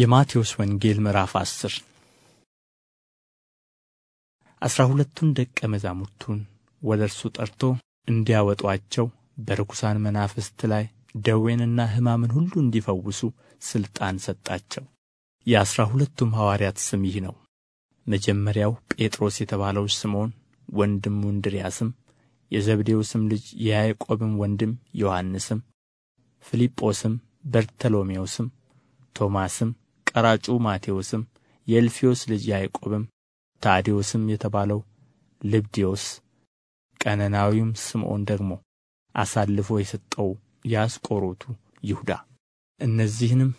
የማቴዎስ ወንጌል ምዕራፍ አስር አስራ ሁለቱን ደቀ መዛሙርቱን ወደ እርሱ ጠርቶ እንዲያወጧቸው በርኩሳን መናፍስት ላይ ደዌንና ሕማምን ሁሉ እንዲፈውሱ ሥልጣን ሰጣቸው። የአስራ ሁለቱም ሐዋርያት ስም ይህ ነው። መጀመሪያው ጴጥሮስ የተባለው ስምዖን ወንድሙ እንድርያስም፣ የዘብዴዎስም ልጅ የያዕቆብም ወንድም ዮሐንስም፣ ፊልጶስም፣ በርተሎሜዎስም፣ ቶማስም ቀራጩ ማቴዎስም የእልፌዎስ ልጅ ያዕቆብም ታዲዮስም የተባለው ልብዲዮስ ቀነናዊውም ስምዖን ደግሞ አሳልፎ የሰጠው ያስቆሮቱ ይሁዳ እነዚህንም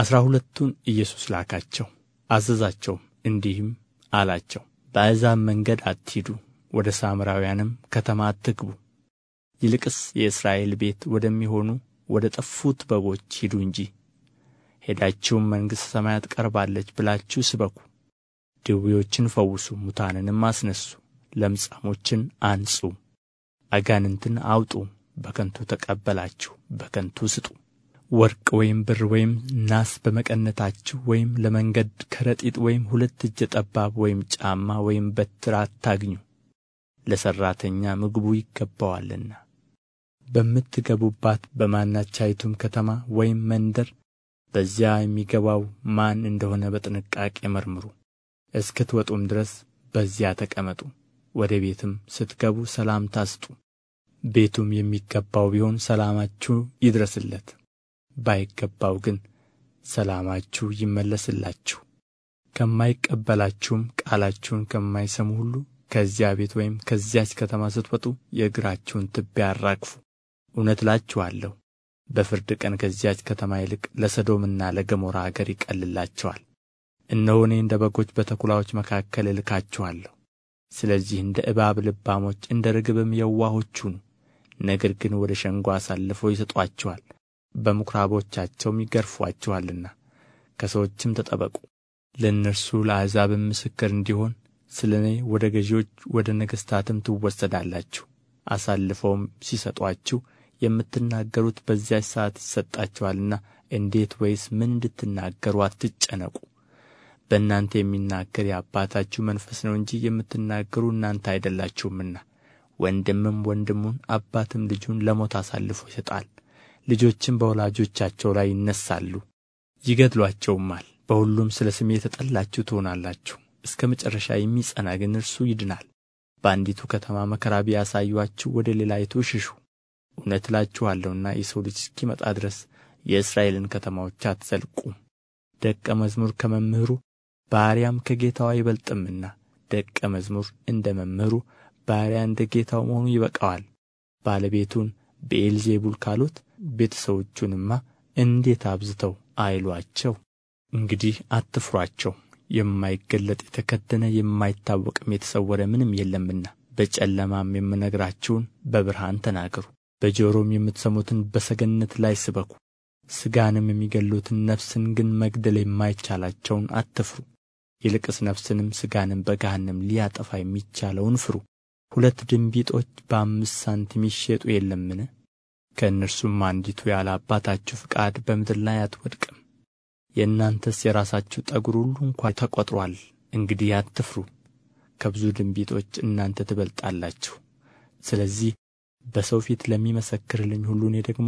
አሥራ ሁለቱን ኢየሱስ ላካቸው አዘዛቸውም፣ እንዲህም አላቸው በአሕዛብ መንገድ አትሂዱ፣ ወደ ሳምራውያንም ከተማ አትግቡ፣ ይልቅስ የእስራኤል ቤት ወደሚሆኑ ወደ ጠፉት በጎች ሂዱ እንጂ ሄዳችሁም መንግሥተ ሰማያት ቀርባለች ብላችሁ ስበኩ። ድዌዎችን ፈውሱ፣ ሙታንንም አስነሱ፣ ለምጻሞችን አንጹ፣ አጋንንትን አውጡ። በከንቱ ተቀበላችሁ፣ በከንቱ ስጡ። ወርቅ ወይም ብር ወይም ናስ በመቀነታችሁ ወይም ለመንገድ ከረጢት ወይም ሁለት እጀ ጠባብ ወይም ጫማ ወይም በትር አታግኙ፣ ለሠራተኛ ምግቡ ይገባዋልና። በምትገቡባት በማናቻይቱም ከተማ ወይም መንደር በዚያ የሚገባው ማን እንደሆነ በጥንቃቄ መርምሩ እስክትወጡም ድረስ በዚያ ተቀመጡ ወደ ቤትም ስትገቡ ሰላምታ ስጡ ቤቱም የሚገባው ቢሆን ሰላማችሁ ይድረስለት ባይገባው ግን ሰላማችሁ ይመለስላችሁ ከማይቀበላችሁም ቃላችሁን ከማይሰሙ ሁሉ ከዚያ ቤት ወይም ከዚያች ከተማ ስትወጡ የእግራችሁን ትቢያ አራግፉ እውነት እላችኋለሁ በፍርድ ቀን ከዚያች ከተማ ይልቅ ለሰዶምና ለገሞራ አገር ይቀልላቸዋል። እነሆ እኔ እንደ በጎች በተኩላዎች መካከል እልካችኋለሁ። ስለዚህ እንደ እባብ ልባሞች እንደ ርግብም የዋሆች ሁኑ። ነገር ግን ወደ ሸንጎ አሳልፈው ይሰጧችኋል፣ በምኵራቦቻቸውም ይገርፏችኋልና ከሰዎችም ተጠበቁ። ለእነርሱ ለአሕዛብም ምስክር እንዲሆን ስለ እኔ ወደ ገዢዎች ወደ ነገሥታትም ትወሰዳላችሁ፣ አሳልፈውም ሲሰጧችሁ የምትናገሩት በዚያች ሰዓት ይሰጣችኋልና እንዴት ወይስ ምን እንድትናገሩ አትጨነቁ በእናንተ የሚናገር የአባታችሁ መንፈስ ነው እንጂ የምትናገሩ እናንተ አይደላችሁምና ወንድምም ወንድሙን አባትም ልጁን ለሞት አሳልፎ ይሰጣል ልጆችም በወላጆቻቸው ላይ ይነሳሉ ይገድሏቸውማል በሁሉም ስለ ስሜ የተጠላችሁ ትሆናላችሁ እስከ መጨረሻ የሚጸና ግን እርሱ ይድናል በአንዲቱ ከተማ መከራ ቢያሳዩአችሁ ወደ ሌላይቱ ሽሹ እውነት እላችኋለሁና የሰው ልጅ እስኪመጣ ድረስ የእስራኤልን ከተማዎች አትዘልቁም። ደቀ መዝሙር ከመምህሩ ባሪያም ከጌታው አይበልጥምና ደቀ መዝሙር እንደ መምህሩ ባሪያ እንደ ጌታው መሆኑ ይበቃዋል። ባለቤቱን ብዔልዜቡል ካሉት ቤተሰዎቹንማ እንዴት አብዝተው አይሏቸው? እንግዲህ አትፍሯቸው። የማይገለጥ የተከደነ የማይታወቅም የተሰወረ ምንም የለምና፣ በጨለማም የምነግራችሁን በብርሃን ተናገሩ፣ በጆሮም የምትሰሙትን በሰገነት ላይ ስበኩ። ሥጋንም የሚገሉትን ነፍስን ግን መግደል የማይቻላቸውን አትፍሩ። ይልቅስ ነፍስንም ሥጋንም በገሃነም ሊያጠፋ የሚቻለውን ፍሩ። ሁለት ድንቢጦች በአምስት ሳንቲም ይሸጡ የለምን? ከእነርሱም አንዲቱ ያለ አባታችሁ ፍቃድ በምድር ላይ አትወድቅም። የእናንተስ የራሳችሁ ጠጉር ሁሉ እንኳ ተቈጥሯል። እንግዲህ አትፍሩ፣ ከብዙ ድንቢጦች እናንተ ትበልጣላችሁ። ስለዚህ በሰው ፊት ለሚመሰክርልኝ ሁሉ እኔ ደግሞ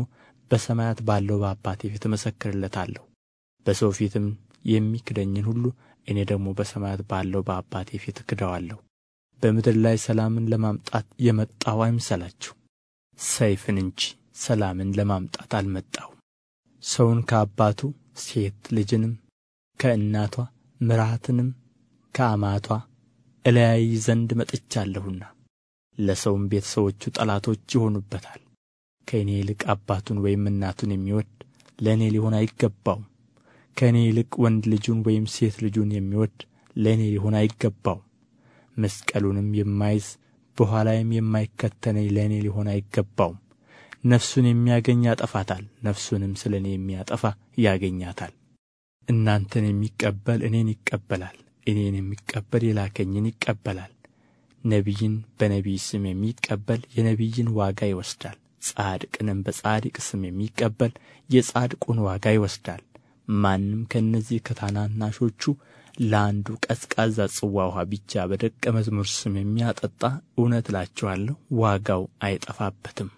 በሰማያት ባለው በአባቴ ፊት እመሰክርለታለሁ በሰው ፊትም የሚክደኝን ሁሉ እኔ ደግሞ በሰማያት ባለው በአባቴ ፊት እክደዋለሁ በምድር ላይ ሰላምን ለማምጣት የመጣሁ አይምሰላችሁ ሰይፍን እንጂ ሰላምን ለማምጣት አልመጣሁም ሰውን ከአባቱ ሴት ልጅንም ከእናቷ ምራትንም ከአማቷ እለያይ ዘንድ መጥቻለሁና ለሰውም ቤተ ሰዎቹ ጠላቶች ይሆኑበታል። ከእኔ ይልቅ አባቱን ወይም እናቱን የሚወድ ለእኔ ሊሆን አይገባውም። ከእኔ ይልቅ ወንድ ልጁን ወይም ሴት ልጁን የሚወድ ለእኔ ሊሆን አይገባውም። መስቀሉንም የማይዝ በኋላዬም የማይከተለኝ ለእኔ ሊሆን አይገባውም። ነፍሱን የሚያገኝ ያጠፋታል፣ ነፍሱንም ስለ እኔ የሚያጠፋ ያገኛታል። እናንተን የሚቀበል እኔን ይቀበላል፣ እኔን የሚቀበል የላከኝን ይቀበላል። ነቢይን በነቢይ ስም የሚቀበል የነቢይን ዋጋ ይወስዳል፣ ጻድቅንም በጻድቅ ስም የሚቀበል የጻድቁን ዋጋ ይወስዳል። ማንም ከእነዚህ ከታናናሾቹ ለአንዱ ቀዝቃዛ ጽዋ ውኃ ብቻ በደቀ መዝሙር ስም የሚያጠጣ እውነት እላችኋለሁ ዋጋው አይጠፋበትም።